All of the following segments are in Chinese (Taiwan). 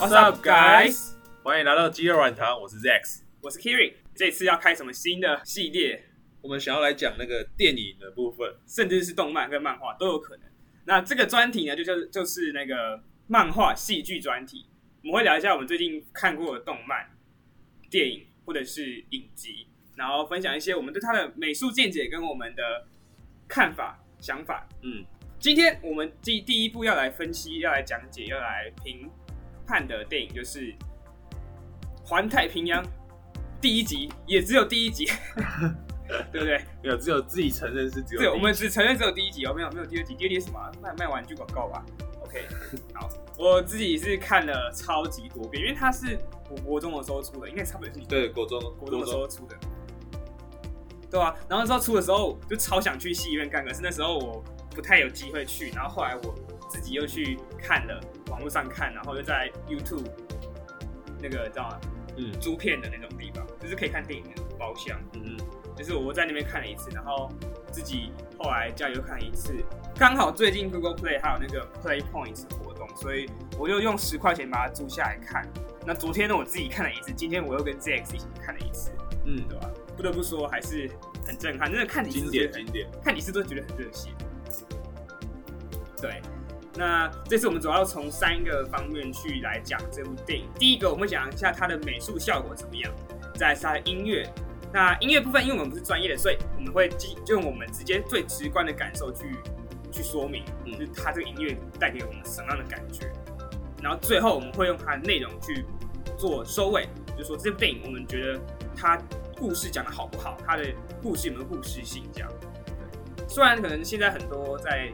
What's up, guys！歡迎來到肌肉軟糖，我是 z a x 我是 k e r i 這次要開什麼新的系列？我們想要來講那個電影的部分，甚至是動漫跟漫畫都有可能。那這個專題呢，就就是那個漫畫戲劇專題。我們會聊一下我們最近看過的動漫、電影或者是影集，然後分享一些我們對它的美術見解跟我們的看法、想法。嗯，今天我們第第一步要來分析、要來講解、要來評。看的電影就是《環太平洋》第一集，也只有第一集， 對不對？沒有，只有自己承認是只有第一集。對，我們只承認只有第一集哦，沒有沒有第二集，第二集什麼？賣賣玩具廣告吧。OK，好， 我自己是看了超級多遍，因為它是我國中的時候出的，應該差不多是多。你對，國中國中的時候出的，國中。對啊，然後之後出的時候就超想去戲院看，可是那時候我不太有機會去，然後後來我自己又去看了。網絡上看，然後又在 YouTube 那個叫嗯，租片的那種地方，就是可以看電影的那種包廂，嗯嗯，就是我在那邊看了一次，然後自己後來加油看了一次，剛好最近 Google Play 還有那個 Play Point 活動，所以我又用十塊錢把它租下來看。那昨天呢，我自己看了一次，今天我又跟 z a c 一起看了一次，嗯，對吧，啊，不得不說還是很震撼，真，那個、的看幾次，看幾次都覺得很熱血，對。那這次我們主要從三個方面去來講這部電影。第一個，我們會講一下它的美術效果怎麼樣；再是它的音樂。那音樂部分，因為我們不是專業的，所以我們會基就用我們直接最直觀的感受去去說明，嗯，就是它這個音樂帶給我們什麼樣的感覺。然後最後我們會用它的內容去做收尾，就是說這部電影我們覺得它故事講得好不好，它的故事有沒有故事性這樣。對，雖然可能現在很多在。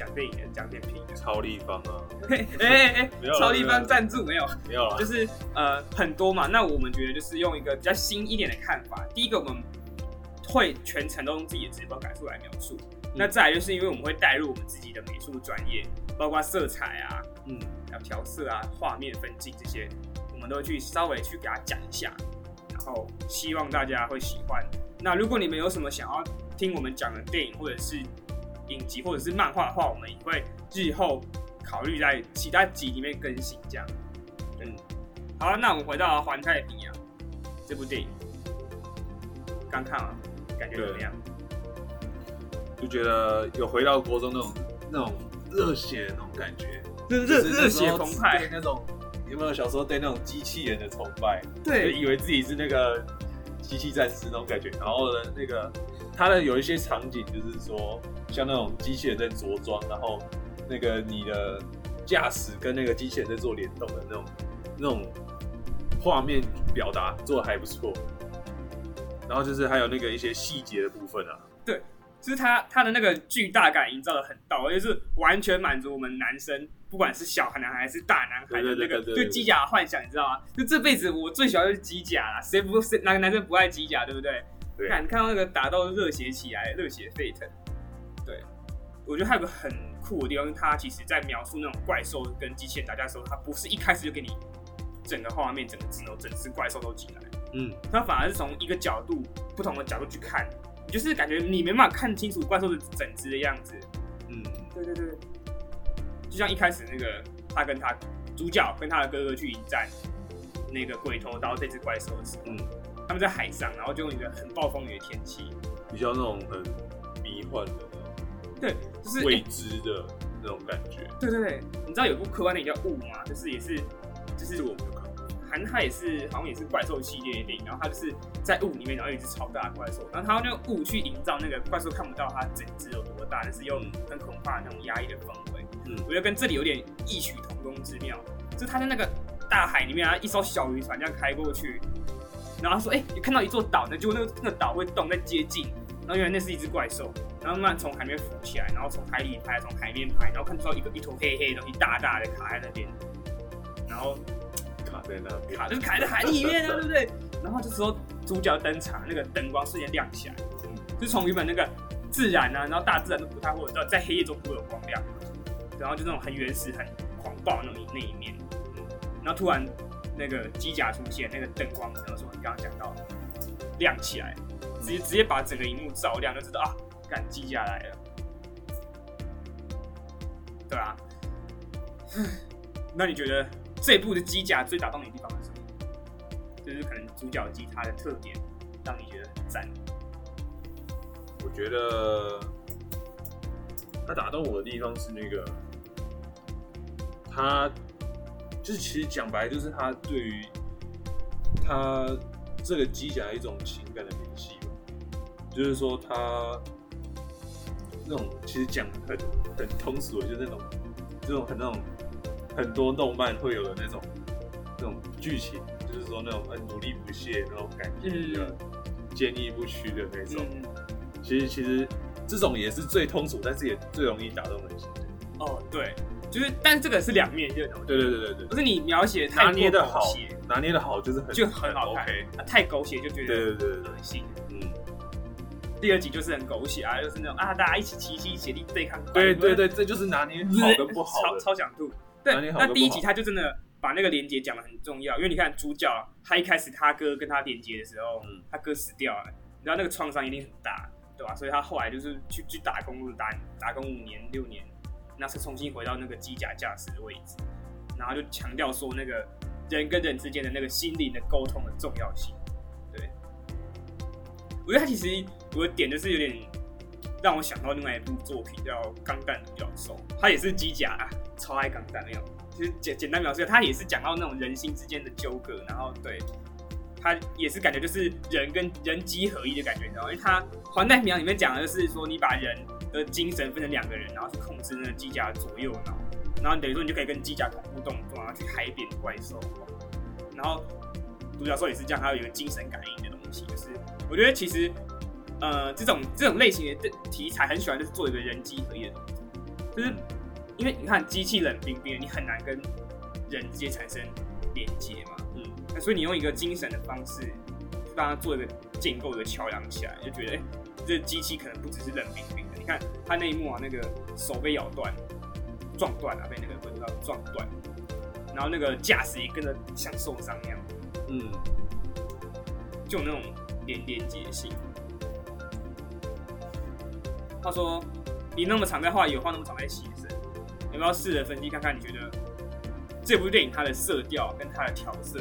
講電影的，講點評超立方啊！哎哎哎， 沒有啦超立方贊助沒有？沒有，就是呃很多嘛。那我們覺得就是用一個比較新一點的看法。第一個，我們會全程都用自己的直播感受來描述。嗯、那再來就是因為我們會帶入我們自己的美術專業，包括色彩啊，嗯，還有調色啊，畫面分鏡這些，我們都會去稍微去給他講一下。然後希望大家會喜歡。那如果你們有什麼想要聽我們講的電影，或者是。影集，或者是漫畫的話，我們也會日後考慮在其他集裡面更新這樣。嗯，好，那我們回到了《環太平洋》這部電影，剛看了，感覺怎麼樣？就覺得有回到國中那種那種熱血的那種感覺，熱熱熱血澎湃那種。有沒有小時候對那種機器人的崇拜？對，以為自己是那個機器戰士那種感覺，然後呢那個。它的有一些場景，就是說像那種機器人在着裝，然後那個你的駕駛跟那個機器人在做聯動的那種那種畫面表達做的還不錯。然後就是還有那個一些細節的部分啊。對，就是它他，他的那個巨大感營造的很到位，也就是完全滿足我們男生，不管是小孩男孩還是大男孩的那個對機甲的幻想，你知道嗎？就這輩子我最喜歡就是機甲啦，誰不誰哪個男生不愛機甲，對不對？你看到那個打到熱血起來，熱血沸騰。對，我覺得還有個很酷的地方，因為它其實在描述那種怪獸跟機器人打架的時候，它不是一開始就給你整個畫面、整個鏡頭整隻怪獸都進來。嗯，它反而是從一個角度、不同的角度去看，就是感覺你沒辦法看清楚怪獸的整隻的樣子。嗯，對對對，就像一開始那個他跟他主角跟他的哥哥去迎戰那個鬼頭刀這隻怪獸的時候，嗯。他們在海上，然後就用一個很暴風雨的天氣，比較那種很迷幻的那種、個，對，就是、欸、未知的那種感覺。對對對，嗯、你知道有一部科幻的電影叫《霧》嗎？就是也是，就是我沒有看過，含它也是好像也是怪獸系列的電影。然後它就是在霧裡面，然後有一只超大的怪獸，然後它用霧去營造那個怪獸看不到它整只有多大，但、就是用很恐怖的那種壓抑的氛圍。嗯，我覺得跟這裡有點異曲同工之妙，就是他在那個大海裡面啊，一艘小漁船這樣開過去。然後他說：“哎、欸，你看到一座島呢，就那個那個、島會動，在接近。然後原來那是一隻怪獸，然後慢慢從海面浮起來，然後從海裡拍，從海面拍，然後看到一個一坨黑黑的、一大大的卡在那邊。然後卡在那邊，卡就卡在，卡在海裡面啊，色色對不對？然後這時候主角登場，那個燈光瞬間亮起來，嗯、就從原本那個自然呢、啊，然後大自然都不太會，在在黑夜中不會有光亮。然後就，然後就那種很原始、很狂暴那種那一面、嗯。然後突然。”那個機甲出現，那個燈光，然後說你剛剛講到亮起來，直接直接把整個熒幕照亮，就知道啊，幹，機甲來了，對啊， 那你覺得這一部的機甲最打動你的地方是什麼？就是可能主角機它的特點，讓你覺得很讚。我覺得它打動我的地方是那個，它。就是其實講白，就是他對於他這個機甲一種情感的聯繫，就是說他那種其實講很很通俗的，就那種這種很那種很多動漫會有的那種那種劇情，就是說那種很努力不懈那種感覺的，堅毅不屈的那種。嗯、其實其實這種也是最通俗，但是也最容易打動人心。哦，對。就是，但這個是兩面，就對對對對對，不是你描寫拿捏的好，拿捏的好就是很，就很好看，太狗血就覺得對對惡心。嗯，第二集就是很狗血啊，就是那種啊，大家一起齊心協力對抗。對對對，這就是拿捏好的不好。超超想吐。對，那第一集他就真的把那個連接講得很重要，因為你看主角他一開始他哥跟他連接的時候，他哥死掉了，你知道那個創傷一定很大，對吧？所以他後來就是去去打工，打打工五年六年。那是重新回到那個機甲駕駛的位置，然後就強調說那個人跟人之間的那個心靈的溝通的重要性。對，我覺得他其實我點的是有點讓我想到另外一部作品叫《鋼彈獨角獸》，他也是機甲，啊，超愛鋼彈，沒有？其實，就是，簡簡單表示，他也是講到那種人心之間的糾葛，然後對。他也是感覺就是人跟人機合一的感覺，你知道嗎？因為他《環太平洋》裡面講的就是說，你把人的精神分成兩個人，然後去控制那個機甲的左右腦，然後等於說你就可以跟機甲同步動作，然後去海扁怪獸。然後獨角獸也是這樣，它有一個精神感應的東西。就是我覺得其實，呃，這種這種類型的題材很喜歡，就是做一個人機合一的東西。就是因為你看機器冷冰冰的，你很難跟人直接產生連接嘛。所以你用一個精神的方式，幫他做一個建構的橋梁起來，就覺得，哎、欸，這機器可能不只是冷冰冰的。你看他那一幕啊，那個手被咬斷，撞斷了、啊，被那個鬼知道撞斷，然後那個駕駛也跟着像受傷一樣，嗯，就那種連連結性。他說，你那麼常在畫，有畫那麼常在寫生，要不要試着分析看看？你覺得這部電影它的色調跟它的調色？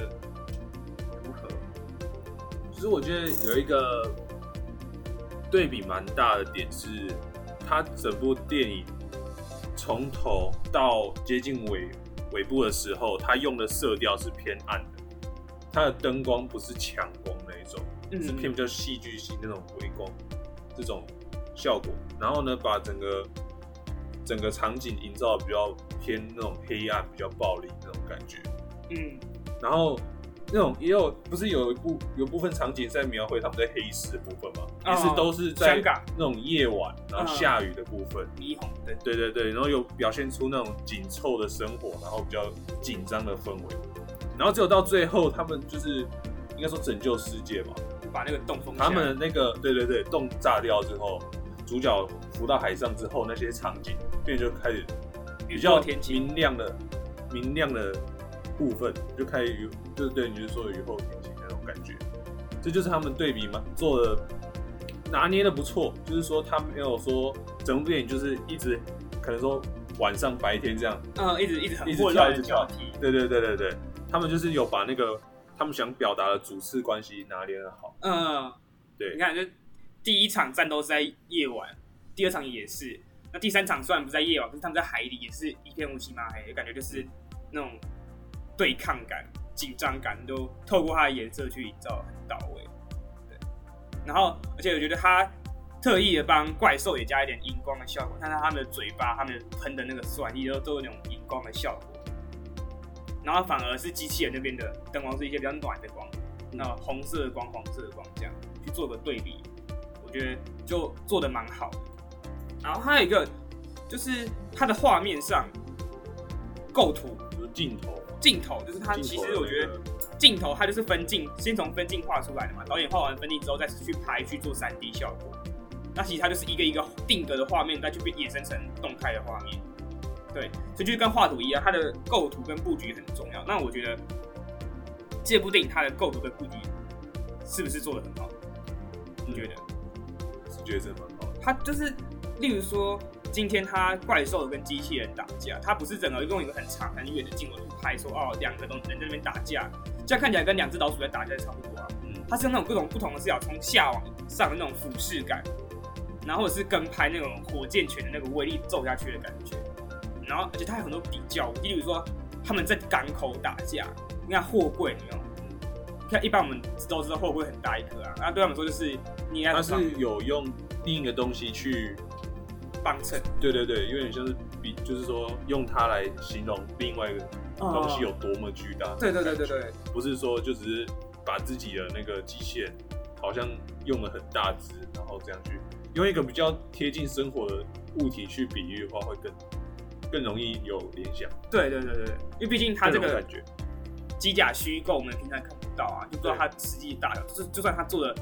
其實我覺得有一個對比蠻大的點是，它整部電影從頭到接近尾尾部的時候，它用的色調是偏暗的，它的燈光不是強光那一種，嗯、是偏比較戲劇性那種微光這種效果。然後呢，把整個整個場景營造得比較偏那種黑暗、比較暴力那種感覺。嗯，然後。那種也有，不是有一部有部分場景在描繪他們在黑市的部分嗎？也是、oh, 都是在香港那種夜晚，然後下雨的部分，霓虹，對對對對，然後有表現出那種緊湊的生活，然後比較緊張的氛圍，然後只有到最後他們就是應該說拯救世界嘛，把那個洞封，他們那個對對對洞炸掉之後，主角浮到海上之後，那些場景變就開始比較天晴明亮的明亮的。部分就開始雨，就對，你就說雨後天晴，那種感覺，這就是他們對比嘛，做的拿捏的不錯。就是說，他們沒有說整部電影就是一直可能說晚上白天這樣，嗯，一直一直很一直跳一直跳替，對對對對對，他們就是有把那個他們想表達的主次關係拿捏的好。嗯，對，你看，就第一場戰鬥是在夜晚，第二場也是，那第三場雖然不在夜晚，可是他們在海裡也是一片烏漆麻黑，有感覺就是那種。對抗感、緊張感都透過它的顏色去營造很到位，對。然後，而且我覺得他特意的幫怪獸也加一點熒光的效果，看看他們的嘴巴，他們噴的那個酸液都都有那種熒光的效果。然後反而是機器人那邊的燈光是一些比較暖的光，那紅色的光、黃色的光這樣去做個對比，我覺得就做得蠻好的。然後還有一個就是它的畫面上構圖，比如鏡頭。鏡頭就是它，其實我覺得鏡頭它就是分鏡，先從分鏡畫出來的嘛。導演畫完分鏡之後，再去拍去做三 D 效果。那其實它就是一個一個定格的畫面，再去被衍生成動態的畫面。對，所以就是跟畫圖一樣，它的構圖跟布局很重要。那我覺得這部電影它的構圖跟布局是不是做的很好？嗯、你覺得？是我覺得真的好。它就是，例如說今天它怪獸跟機器人打架，它不是整個用一個很長很遠的鏡頭。拍說哦，兩個東西在那邊打架，這樣看起來跟兩隻老鼠在打架差不多啊。嗯，它是那種各種不同的視角，從下往上的那種俯視感，然後是跟拍那種火箭拳的那個威力揍下去的感覺。然後，而且它有很多比較，例如說他們在港口打架，那貨櫃，你 know、嗯、看，一般我們都知道貨櫃很大一顆啊。那、啊、對他們說就是在，你應該是有用另一個東西去幫襯，對對對，有點像是比，就是說用它來形容另外一個。東西有多麼巨大？對對對對對，不是說就只是把自己的那個機械好像用的很大只，然後這樣去用一個比較貼近生活的物體去比喻的話，會更更容易有聯想。對對對對，因為畢竟它這個感覺機甲虛構，我們平常看不到啊，就不知道它實際大小，就是就算它做的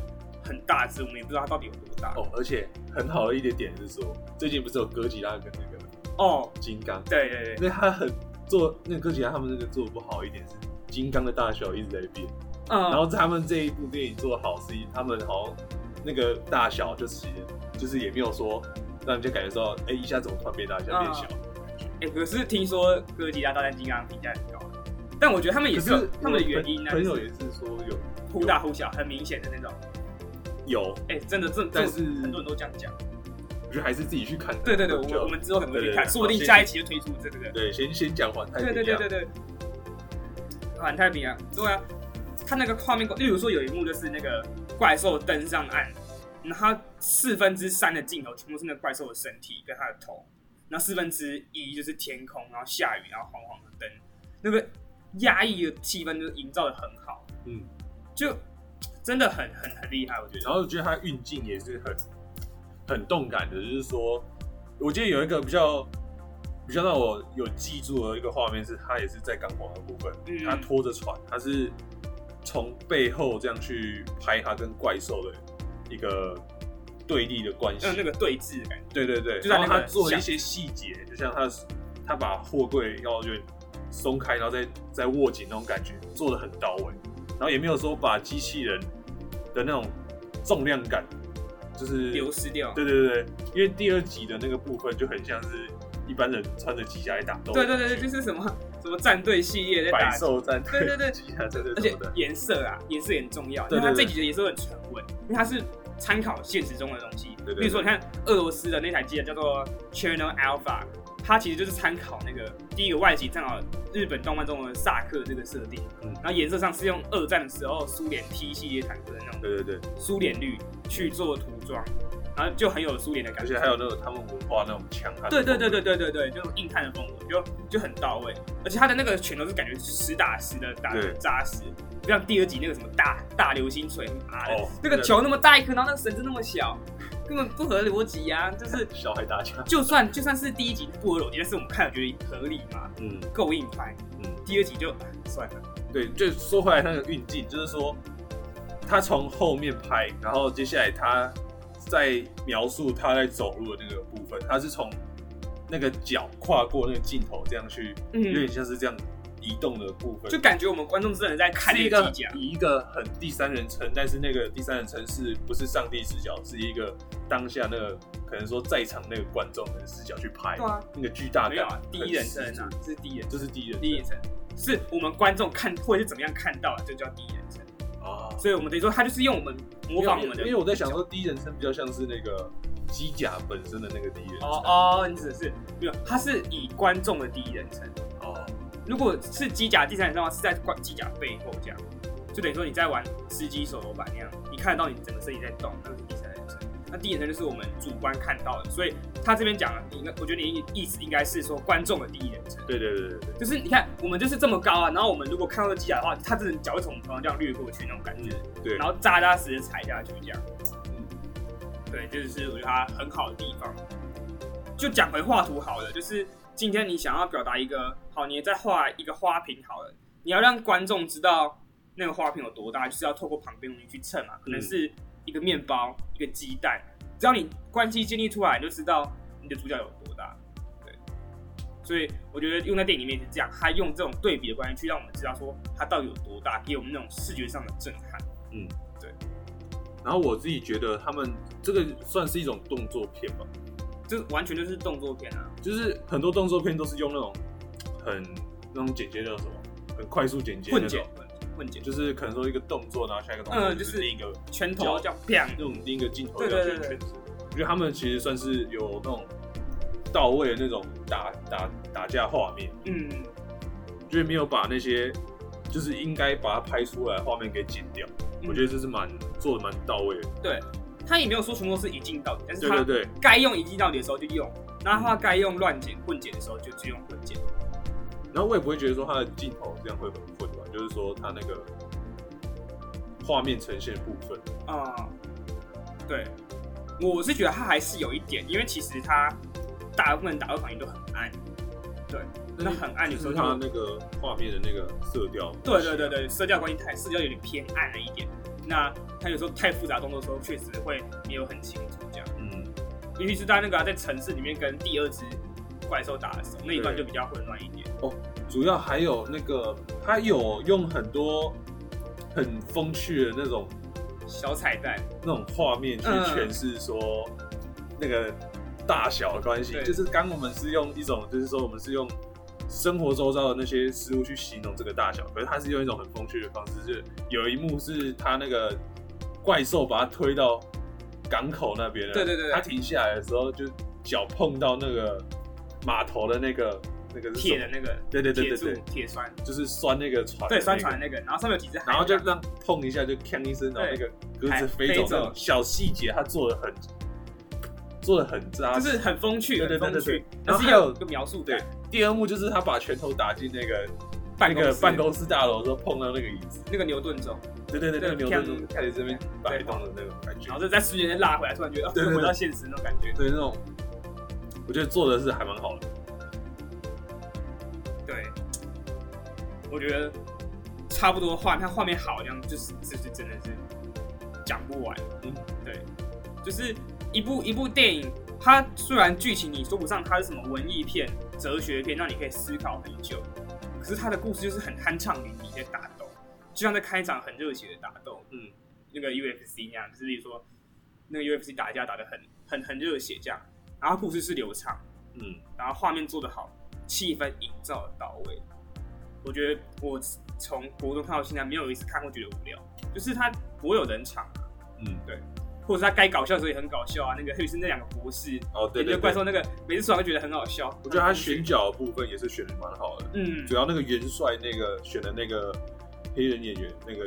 很大只，我們也不知道它到底有多大。哦，而且很好的一點點是說，最近不是有哥吉拉跟那個哦，金剛？對對對，那它很。做那個、哥吉拉他,他們那個做的不好一點是金剛的大小一直在變，嗯、uh，oh. 然後他們這一部電影做的好是他們好像那個大小就是就是也沒有說讓人家感覺到哎、欸、一下怎麼突然變大一下變小，哎、uh oh. 欸、可是聽說哥吉拉大戰金剛評價很高、啊，但我覺得他們也是有他們的原因呢，朋友也是說有忽大忽小很明顯的那種，有哎、欸、真的真但是很多人都這樣講。我覺得還是自己去看的。對對對，好我我們之後很多人去看，說不對定下一期就推出這個。對，先先講環太平洋。對對對對對，環太平洋，對。所以它那個畫面，例如說有一幕就是那個怪獸登上岸，然後他四分之三的鏡頭全部就是那個怪獸的身體跟它的頭，那四分之一就是天空，然後下雨，然後晃晃的燈。那個壓抑的氣氛就是營造的很好。嗯，就真的很很很厲害，我覺得。然後我覺得他的運鏡也是很。很動感的，就是說，我記得有一個比較比較讓我有記住的一個畫面是，是他也是在港廣的部分，他、嗯、拖着船，他是從背後這樣去拍他跟怪獸的一個對立的關係，像那個對峙的感覺。對對對，就讓他做了一些細節，就像他他把貨櫃要就鬆開，然後再再握緊那種感覺，做的很到位，然後也沒有說把機器人的那種重量感，就是流失掉。對對對，因為第二集的那個部分，就很像是一般人穿着機甲來打鬥。對對對，就是什麼什麼戰隊系列的百獸戰隊。對對對，機甲，而且顏色啊，顏色也很重要。對，對，對，對，因為它、他這幾集的顏色很沉穩，因為他是參考現實中的東西。比如說，你看俄羅斯的那台機甲叫做 Cherno Alpha。它其實就是參考那個第一個外形，參考日本動漫中的薩克這個設定，嗯、然後顏色上是用二戰的時候蘇聯 T 系列坦克的那種，對對對，蘇聯綠去做塗裝，嗯、然後就很有蘇聯的感覺，而且還有那種他們文化那種強悍，對對，對對對對對對對，就是硬漢的風格，就就很到位。而且他的那個拳頭是感覺是實打實的打紮實，對對對對，不像第二集那個什麼大大流星錘，啊，哦、那個球那麼大一顆，然後那個繩子那麼小。根本不合邏輯啊，就是小孩打架。就算就算是第一集不合邏輯，但是我們看了覺得合理嘛，嗯，夠硬拍，嗯，第二集就算了。對，就說回來那個運鏡，就是說他從後面拍，然後接下來他在描述他在走路的那個部分，他是從那個腳跨過那個鏡頭這樣去，嗯，有點像是這樣。移動的部分，就感覺我們觀眾真的在看那個以一個很第三人稱，但是那個第三人稱是不是上帝視角，是一個當下那個可能說在場那個觀眾的視角去拍，對啊，那個巨大的。第一人稱啊，這是第一人，這是第一人，第一人稱是我們觀眾看，或者是怎麼樣看到，就叫第一人稱哦，所以我們等於說，他就是用我們模仿我們的，因為我在想說，第一人稱比較像是那個機甲本身的那個第一人稱哦哦，你指的是沒有，他是以觀眾的第一人稱。如果是機甲第三人稱的話，是在機甲背後這樣，就等於說你在玩吃雞手遊版那樣，你看得到你整個身體在動，那是第三人稱。那第一人稱就是我們主觀看到的，所以他這邊講了，你，我覺得你意思應該是說觀眾的第一人稱。對對對對，對，對就是你看我們就是這麼高啊，然後我們如果看到機甲的話，他這腳會從頭上這樣掠過去那種感覺，嗯、對，然後扎扎實實踩下去這樣，嗯，對，就是我覺得他很好的地方。就講回畫圖好了，就是。今天你想要表達一個好，你再畫一個花瓶好了，你要讓觀眾知道那個花瓶有多大，就是要透過旁邊東西去襯嘛，啊，可能是一個麵包、嗯、一個雞蛋，只要你關係建立出來，你就知道你的主角有多大。對，所以我覺得用在電影裡面是這樣，他用這種對比的關係去讓我們知道說他到底有多大，給我們那種視覺上的震撼。嗯，對。然後我自己覺得他們這個算是一種動作片吧。就完全就是動作片啊，就是很多動作片都是用那種很那種剪接叫什麼，很快速剪接的那種就是可能說一個動作，然後下一個動作就是另、嗯，就是、一個拳頭叫這種另一個鏡頭叫拳拳，我覺得他們其實算是有那種到位的那種打打打架畫面，嗯嗯，就是沒有把那些就是應該把它拍出來的畫面給剪掉，嗯、我覺得這是蠻做的蠻到位的，對。他也沒有說全部是一鏡到底，但是他該用一鏡到底的時候就用，對對對，然後他該用亂剪混剪的時候就只用混剪，嗯。然後我也不會覺得說他的鏡頭這樣會很混亂，就是說他那個畫面呈現部分啊，嗯，對，我是覺得他還是有一點，因為其實他大部分打的反應都很暗，對，那是很暗的時候他那個畫面的那個色調，對對對對，色調關係太色調有點偏暗了一點。那他有時候太複雜動作的時候，確實會沒有很清楚這樣。嗯，尤其是在那個、啊、在城市裡面跟第二隻怪獸打的時候，那一段就比較混亂一點。哦，主要還有那個他有用很多很風趣的那種小彩蛋那種畫面去詮釋說那個大小的關係，對就是剛我們是用一種，就是說我們是用。生活周遭的那些事物去形容這個大小，可是他是用一種很風趣的方式。就是有一幕是他那個怪獸把它推到港口那邊對，對對對，他停下來的時候，就腳碰到那個碼頭的那個那個鐵的那個對，對對對對，鐵栓就是拴那個船，那個、對拴船那個，然後上面有幾隻海。然後就這樣碰一下，就嗆一聲，然後那個鴿子飛走。那種浪小細節，他做的很做的很扎實，就是很風趣，很風趣，但是要有個描述感對。第二幕就是他把拳頭打進那個半個辦公室，辦公室大樓，都碰到那個椅子，那個牛頓鐘，對對對，那個對牛頓鐘開始這邊擺動的那種感覺，然後在在瞬間拉回來，突然覺得對對對對回到現實那種感覺，對那種，我覺得做的是還蠻好的，對，我覺得差不多畫，他畫面好，好像就是就是真的是講不完，嗯，對，就是一部一部電影。它雖然劇情你說不上它是什麼文藝片、哲學片，讓你可以思考很久，可是它的故事就是很酣暢淋漓的你打鬥，就像在開場很熱血的打鬥，嗯，那個 UFC 那樣，就是說那個 UFC 打架打得很很很熱血這樣，然後故事是流暢，嗯，然後畫面做得好，氣氛營造到位，我覺得我從國中看到現在沒有一次看過覺得無聊，就是它不會有冷場，嗯，對。或者他該搞笑的時候也很搞笑啊，那個特別是那兩個博士，演的，哦、對對對怪獸，那個對、那個、每次說完都覺得很好笑。我覺得他選角的部分也是選的蠻好的，嗯，主要那個元帥那個選的那個黑人演員那個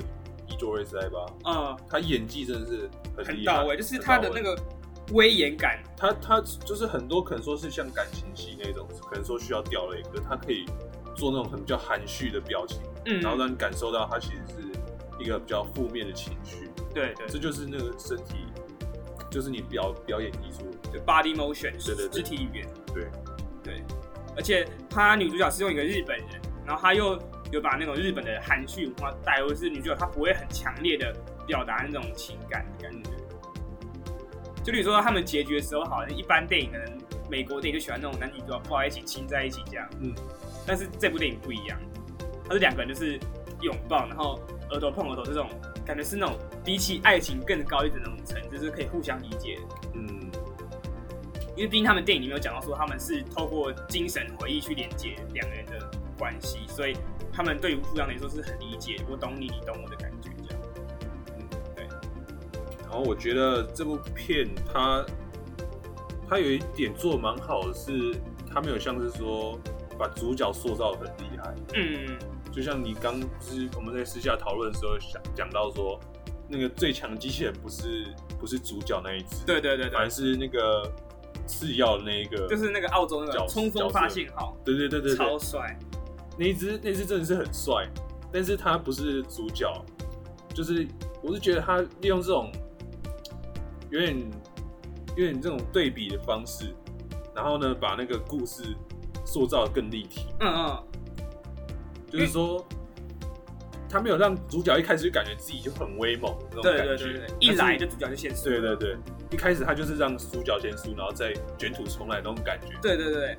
伊卓瑞斯艾巴，嗯、哦，他演技真的是很，很到位，就是他的那個威嚴感。他他就是很多可能說是像感情戲那種，可能說需要掉淚，可他可以做那種很比較含蓄的表情，嗯，然後讓你感受到他其實是一個比較負面的情緒。對,對對，這就是那個身體，就是你表表演藝術，就 body motion，是的，肢體語言。對對,對,對,對,對，而且她女主角是用一個日本人，然後她又有把那種日本的含蓄文化帶入，是女主角她不會很強烈的表達那種情感的感覺。就比如說他們結局的時候，好像一般電影可能美國電影就喜歡那種男女主角抱在一起親在一起這樣。嗯，但是這部電影不一樣，他是兩個人就是。擁抱，然後額頭碰額頭，這種感覺是那種比起愛情更高一點的那種層次，就是可以互相理解。嗯，因為畢竟他們電影裡面有講到說，他們是透過精神回憶去連接兩個人的關係，所以他們對於互相來說是很理解，我懂你，你懂我的感覺，這樣。嗯，對。然後我覺得這部片它它有一點做得蠻好的是，它沒有像是說把主角塑造得很厲害。嗯。就像你剛就是我們在私下討論的時候想，講講到說，那個最強的機器人不是不是主角那一只。對，對對對，反而是那個次要的那一個，就是那個澳洲那個衝鋒色發信號，對對對對，對，超帥帥，那一只那只真的是很帥，但是他不是主角，就是我是覺得他利用這種有點有點這種對比的方式，然後呢把那個故事塑造得更立體，嗯嗯、哦。就是說，因為，他沒有讓主角一開始就感覺自己就很威猛那種感覺對對對對對，一來就主角就先輸。對對對，一開始他就是讓主角先輸，然後再卷土重來那種感覺。對對對，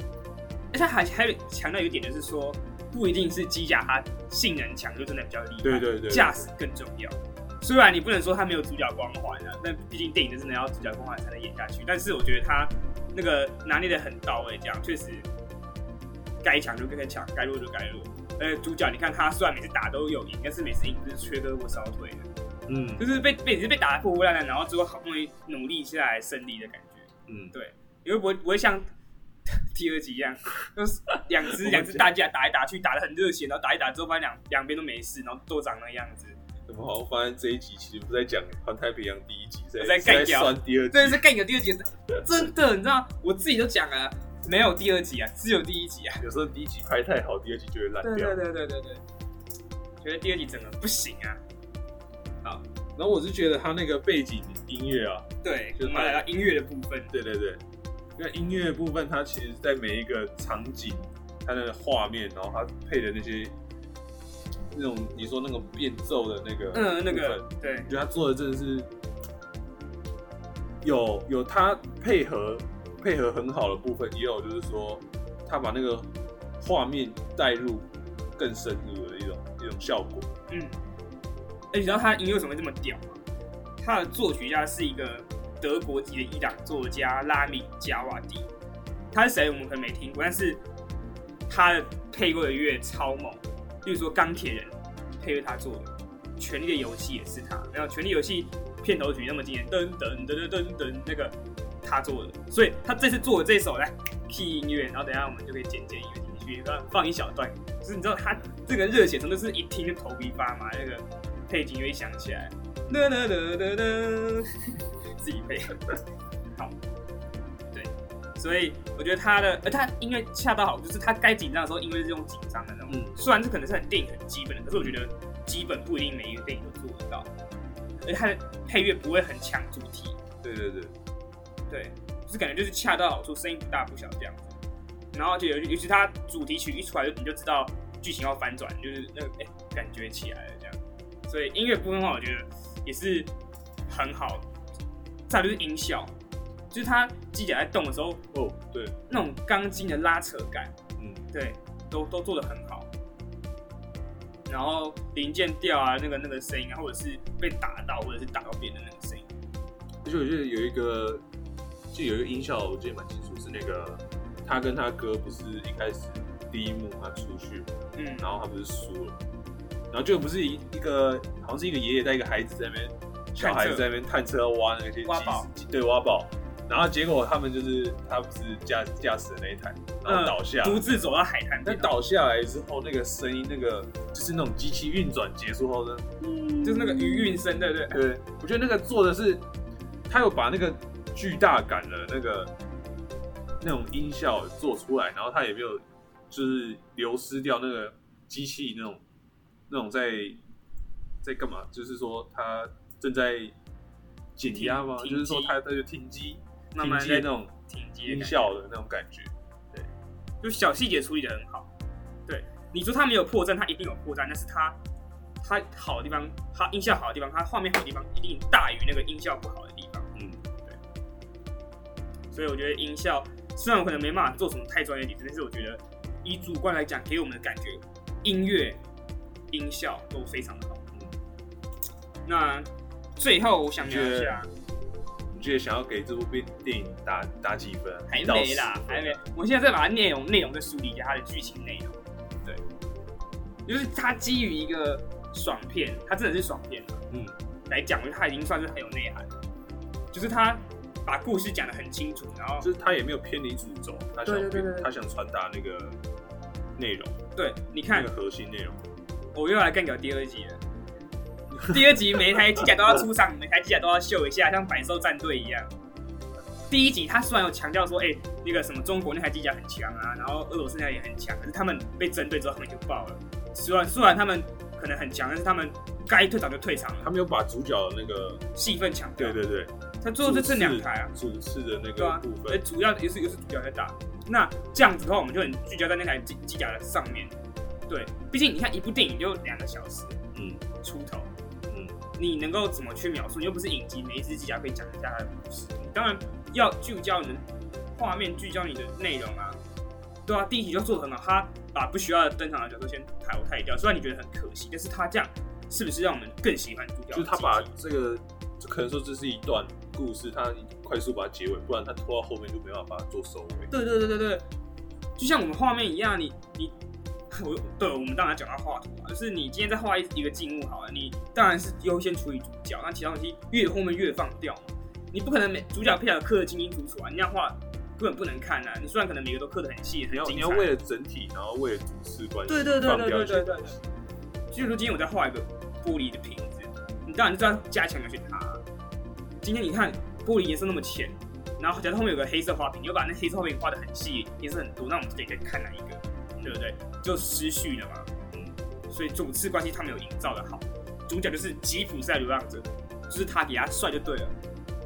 而且還還強調一個點，就是說不一定是機甲它性能強就真的比較厲害，駕駛對對對對對更重要。雖然你不能說它沒有主角光環啊，但畢竟電影真的要主角光環才能演下去。但是我覺得他那個拿捏的很到位、欸，這樣確實該強就該強，該弱就該弱。呃，主角你看他，雖然每次打都有贏，但是每次贏就是缺胳膊少腿的，嗯，就是被被只是被打破破爛爛，然後最後好不容易努力下來勝利的感覺，嗯，對，因為不會不會像第二集一樣，就是兩只兩只打架打來打去打得很熱血，然後打一打之後發現兩兩邊都沒事，然後都長那樣子。怎麼、嗯、好像發現這一集其實不在講環太平洋第一集，在在算第二，對，在幹掉第二集，對是第二集的真的， 你知道，我自己都講了。沒有第二集啊，只有第一集啊。有時候第一集拍太好，第二集就會爛掉。對對對對對，對覺得第二集整個不行啊。好，然後我是覺得他那個背景音樂啊。對，就是把他音樂的部分。嗯、對對對，因為音樂的部分，它其實在每一個場景，它的畫面，然後它配的那些那種你說那個變奏的那個，嗯，那個，對，我覺得他做的真的是有有他配合。配合很好的部分，也有就是說，他把那個畫面帶入更深入的一種一種效果。嗯、欸。你知道他音樂為什麼會這麼屌嗎？他的作曲家是一個德國籍的伊朗作家拉米加瓦迪，他是誰我們可能沒聽過，但是他配過的樂超猛。例如說鋼鐵人配樂他做的，《權力的遊戲》也是他，然後《權力遊戲》片頭曲那麼經典，噔噔噔噔噔噔那個。他做的，所以他這次做的這首來 key 音樂，然後等下我們就可以剪剪音樂進去，放放一小段，就是你知道他這個熱血，真的是一聽就頭皮發麻，那個配景會響起來。 自己配， 很好，對，所以我覺得他的，而他音樂恰到好，就是他該緊張的時候，音樂是用緊張的那種。嗯。雖然是可能是很電影很基本的，可是我覺得基本不一定每一個電影都做得到，而他的配樂不會很搶主題。對對對。對，就是感覺就是恰到好處，聲音不大不小這樣子。然後就，而且尤尤其他主題曲一出來，你就知道劇情要反轉，就是那個哎、欸、感覺起來了這樣。所以音樂部分的話，我覺得也是很好。再就是音效，就是他機甲在動的時候，哦，對，那種鋼筋的拉扯感，嗯，對，都都做得很好。然後零件掉啊，那個那個聲音，或者是被打到，或者是打到別的那個聲音。而且我覺得有一個。就有一個音效，我記得蠻清楚，是那個他跟他哥不是一開始第一幕他出去，嗯，然後他不是輸了，然後就不是一一個好像是一個爺爺帶一個孩子在那邊，測小孩子在那邊探測挖那些金，對，挖寶，挖寶嗯、然後結果他們就是他不是駕駕駛的那一台，然後倒下獨自走到海灘，但倒下來之後那個聲音，那個就是那種機器運轉結束後呢，嗯、就是那個餘韻聲，對對唉對，我覺得那個做的是他有把那個。巨大感的那個那種音效做出來，然後它也沒有就是流失掉那個機器那種那種在在幹嘛？就是說他正在減壓嗎？就是說他他就停機停機那麼在，那麼在，那種停機音效的那種感覺，感覺對，就小細節處理得很好。對，你說它沒有破綻，它一定有破綻。但是它它好的地方，它音效好的地方，它畫面好的地方一定大於那個音效不好的地方。所以我覺得音效雖然我可能沒辦法做什麼太專業點，但是我覺得以主觀來講，給我們的感覺，音樂、音效都非常的好。嗯。那最後我想聊一下你。你覺得想要給這部電電影打打幾分？還沒啦，的還沒？我現在再把它內容內容再梳理一下它的劇情內容。對。就是它基於一個爽片，它真的是爽片嗯。來講，它已經算是很有內涵。就是它。把故事講的很清楚，然後就是他也沒有偏離主軸，他想對對對對他想傳達那個內容。對，你看那個核心內容。我又要來看第二集了。 第二集每一台機甲都要出場， 每台機甲都要秀一下，像百獸戰隊一樣。第一集他雖然有強調說，哎、欸，那個什麼中國那台機甲很強啊，然後俄羅斯那台也很強，可是他們被針對之後，他們就爆了。雖然雖然他們可能很強，但是他們該退場就退場了。他沒有把主角的那個戲份搶掉。對對對。他做的是這兩台啊，主次的那個部分，哎、啊，主要的，也是又是主角在打。那這樣子的話，我們就很聚焦在那台機機甲的上面。對，畢竟你看一部電影就兩個小時，嗯，出頭，嗯，你能夠怎麼去描述？你又不是影集，每一隻機甲可以講一下它的故事。你當然要聚焦你的畫面，聚焦你的內容啊。對啊，第一集就做成了，他把不需要登場的角色先淘汰掉。雖然你覺得很可惜，但是他這樣是不是讓我們更喜歡主角？就是他把這個，就可能說這是一段。故事，他快速把它結尾，不然他拖到後面就沒辦法把它做收尾。對對對對對，就像我們畫面一樣，你你，我對，我們當然講到畫圖，就是你今天在畫一一個靜物，好了，你當然是優先處理主角，但其他東西越後面越放掉嘛。你不可能每主角配角刻的清清楚楚啊，你這樣畫根本不能看啊。你雖然可能每個都刻的很細，很要緊，你要為了整體，然後為了主次關係，對對對對對對對。就是說，今天我在畫一個玻璃的瓶子，你當然就要加強了，是它。今天你看玻璃顏色那麼淺，然後假如後面有個黑色花瓶，你又把那黑色花瓶畫得很細，顏色很多，那我們這裡可以看哪一個，對不對？就失序了嘛。嗯。所以主次關係他們有營造的好，主角就是吉普賽流浪者，就是他給他帥就對了。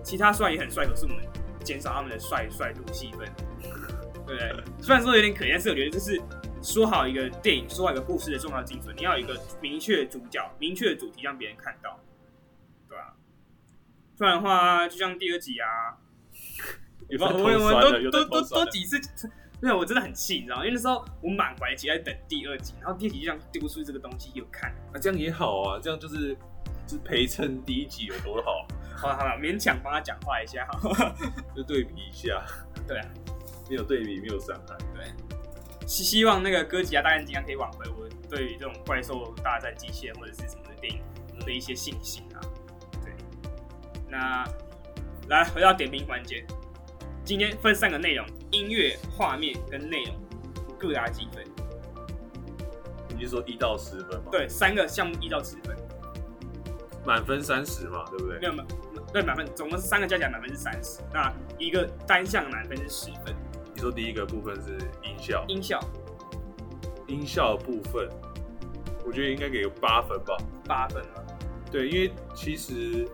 其他帥也很帥，可是我們減少他們的帥帥度戲份，對不 對？雖然說有點可憐，但是我覺得這是說好一個電影，說好一個故事的重要精髓。你要有一個明確主角，明確主題，讓別人看到。不然的話，就像第二集啊，也我我都有有都有有都都，都幾次，對，我真的很氣，你知道嗎？因為那時候我滿懷期待等第二集，然後第一集就像丟出這個東西有看，那、啊、這樣也好啊，這樣就是就是、陪襯第一集有多好。 好了、啊、好了、啊啊，勉強幫他講話一下， 就對比一下，對、啊，沒有對比沒有傷害，對，希希望那個哥吉拉、啊、大戰金剛，可以挽回我對於這種怪獸大戰機械或者是什麼的電影的一些信心啊。那來回到點評環節，今天分三個內容：音樂、畫面跟內容，各打幾分。你就是說一到十分嗎？對，三個項目一到十分，滿分三十嘛，對不對？沒有滿，對，滿分，總共是三個加起來滿分是三十。那一個單項滿分是十分。你說第一個部分是音效？音效，音效的部分，我覺得應該給八分吧。八分？對，因為其實。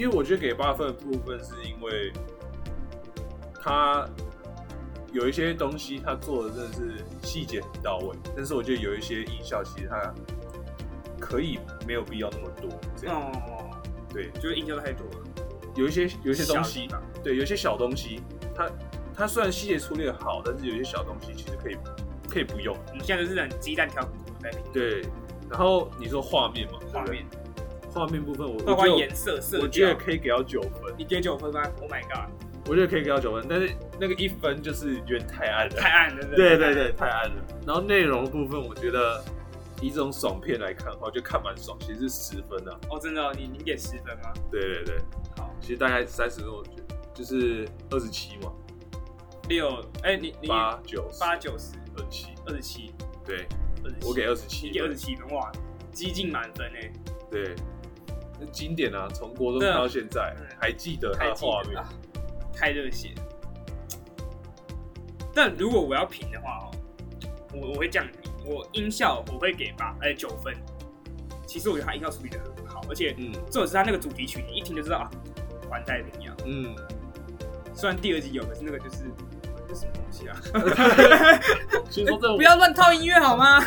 因為我覺得給八分的部分是因為，他有一些東西他做的真的是細節很到位，但是我覺得有一些音效其實他可以沒有必要那麼多，這樣。哦，oh, oh, oh, oh. 對，就是音效太多了，有一些有一些東西，對，有一些小東西，它它雖然細節處理的好，但是有些小東西其實可以可以不用。現在就是很雞蛋挑骨頭的那批。對，對，然後你說畫面嘛，畫面。畫面部分，我我覺得可以給到九分。你給九分嗎？Oh my god！我覺得可以給到九分，但是那個一分就是有點太暗了，太暗了。對對對，太暗了。然後內容部分，我覺得以這種爽片來看的話，我覺得看蠻爽，其實是十分的。哦，真的哦，你你給十分嗎？對對對，好。其實大概三十多，就是二十七嘛。六，哎，你你八九八九十二七二十七，對，我給二十七，給二十七分哇，幾近滿分哎。對。經典啊，從國中到現在，嗯、還記得他的畫面，啊、太熱血。但如果我要評的話，哦、我我會這樣評，我音效我會給八哎九分。其實我覺得他音效處理的很好，而且嗯，這首是他那個主題曲，你一聽就知道啊，還帶怎麼樣？嗯，雖然第二集有，可是那個就是這什麼東西啊？ 其實說真的不要亂套音樂好嗎？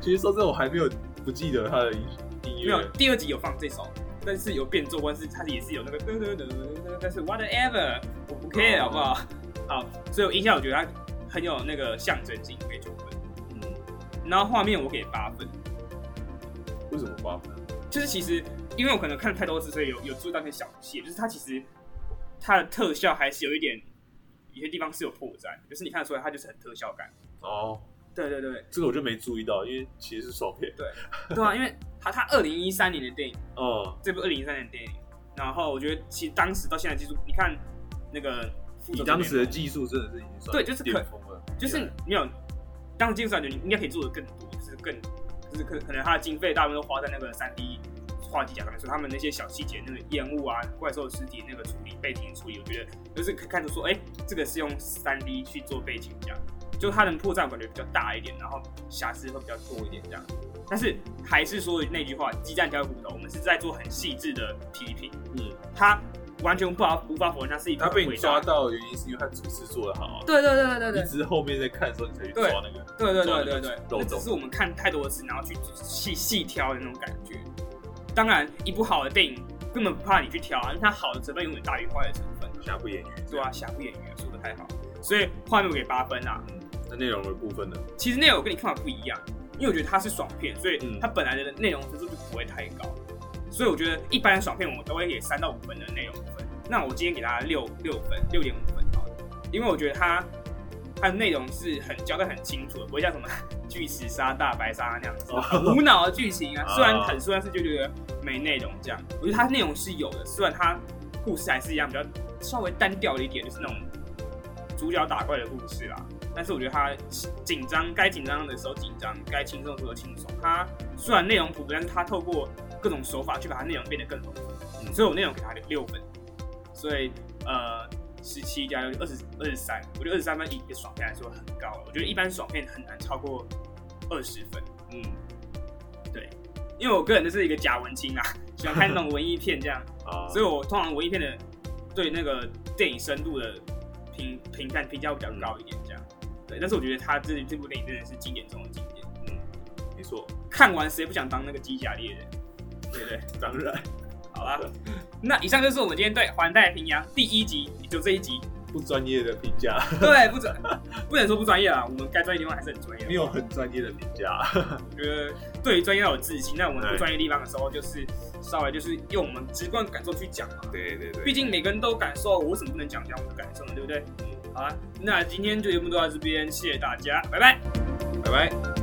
其實說真的我還沒有， 還沒有不記得他的音樂，沒有第二集有放這首，但是有變奏，但是它也是有那個，但是 whatever 我不 care 好不好？好，所以我印象我覺得它很有那個象徵性，給九分。嗯，然後畫面我給八分。為什麼八分？就是其實因為我可能看了太多次，所以有有注意到一些小細節，就是它其實它的特效還是有一點，有些地方是有破綻，就是你看得出來它就是很特效感哦。Oh. 對對對，這個我就沒注意到，因為其實是雙片。對，對啊，因為他他二零一三年的電影，哦，這部二零一三年的電影，然後我覺得其實當時到現在技術，你看那個，你當時的技術真的是已經算對，就是可了就是吧，沒有當時技術上就應該可以做的更多，就是更就是可可能他的經費大部分都花在那個三 D 畫機甲上面，說他們那些小細節那個煙霧啊、怪獸屍體的那個處理背景處理，我覺得就是可以看出說，哎、欸，這個是用三 D 去做背景這樣。就它的破綻感覺比較大一點，然後瑕疵會比較多一點這樣。但是還是說那句話，雞蛋挑骨頭，我們是在做很細緻的批評。嗯，它完全不無，無法否認它是一部他被抓到的原因是因為他主持做的好。對對對對對一直後面在看的時候，你才去抓那個對。對對對對對對，對對。那只是我們看太多的次，然後去細細挑的那種感覺。當然，一部好的電影根本不怕你去挑啊，因為它好的成分永遠大於壞的成分。瑕不掩瑜。對啊，瑕對不掩瑜說的太好。所以畫面給八分啊。嗯。內容的部分呢？其實內容跟你看法不一樣，因為我覺得它是爽片，所以它本來的內容分數就不會太高。嗯、所以我覺得一般的爽片，我都會給三到五分的內容分。那我今天給它六六分，六點五分好了，因為我覺得它它的內容是很交代很清楚，的，不會像什麼巨齒鯊、大白鯊那樣子、oh. 無腦的劇情啊。雖然很帥，但、oh. 是就覺得沒內容這樣。我覺得它內容是有的，雖然它故事還是一樣比較稍微單調了一點，就是那種主角打怪的故事啊。但是我覺得他緊張，該緊張的時候緊張，該輕鬆的時候輕鬆。他雖然內容普，但是他透過各種手法去把他內容變得更豐富，嗯，所以我內容給他六分。所以呃十七加二十二十三，20, 23, 我覺得二十三分以一個爽片來說很高了。我覺得一般爽片很難超過二十分，嗯，對，因為我個人就是一個假文青啊，喜歡看那種文藝片這樣， 哦。所以我通常文藝片的對那個電影深度的評評判評價會比較高一點。對，但是我覺得他這這部電影真的是經典中的經典。嗯，沒錯，看完誰不想當那個機甲獵人？ 對不對？對？當然。好了啦，對那以上就是我們今天對《環太平洋》第一集，就這一集不專業的評價。對，不專不能說不專業啊，我們該專業地方還是很專業的。沒有很專業的評價，我覺得對於專業要有自信。那我們不專業地方的時候，就是、嗯、稍微就是用我們直觀感受去講。對，對對對。畢竟每個人都感受，對對對我為什麼不能講講我的感受呢？對不對？好了，那今天就節目到這邊，謝謝大家，拜拜，拜拜。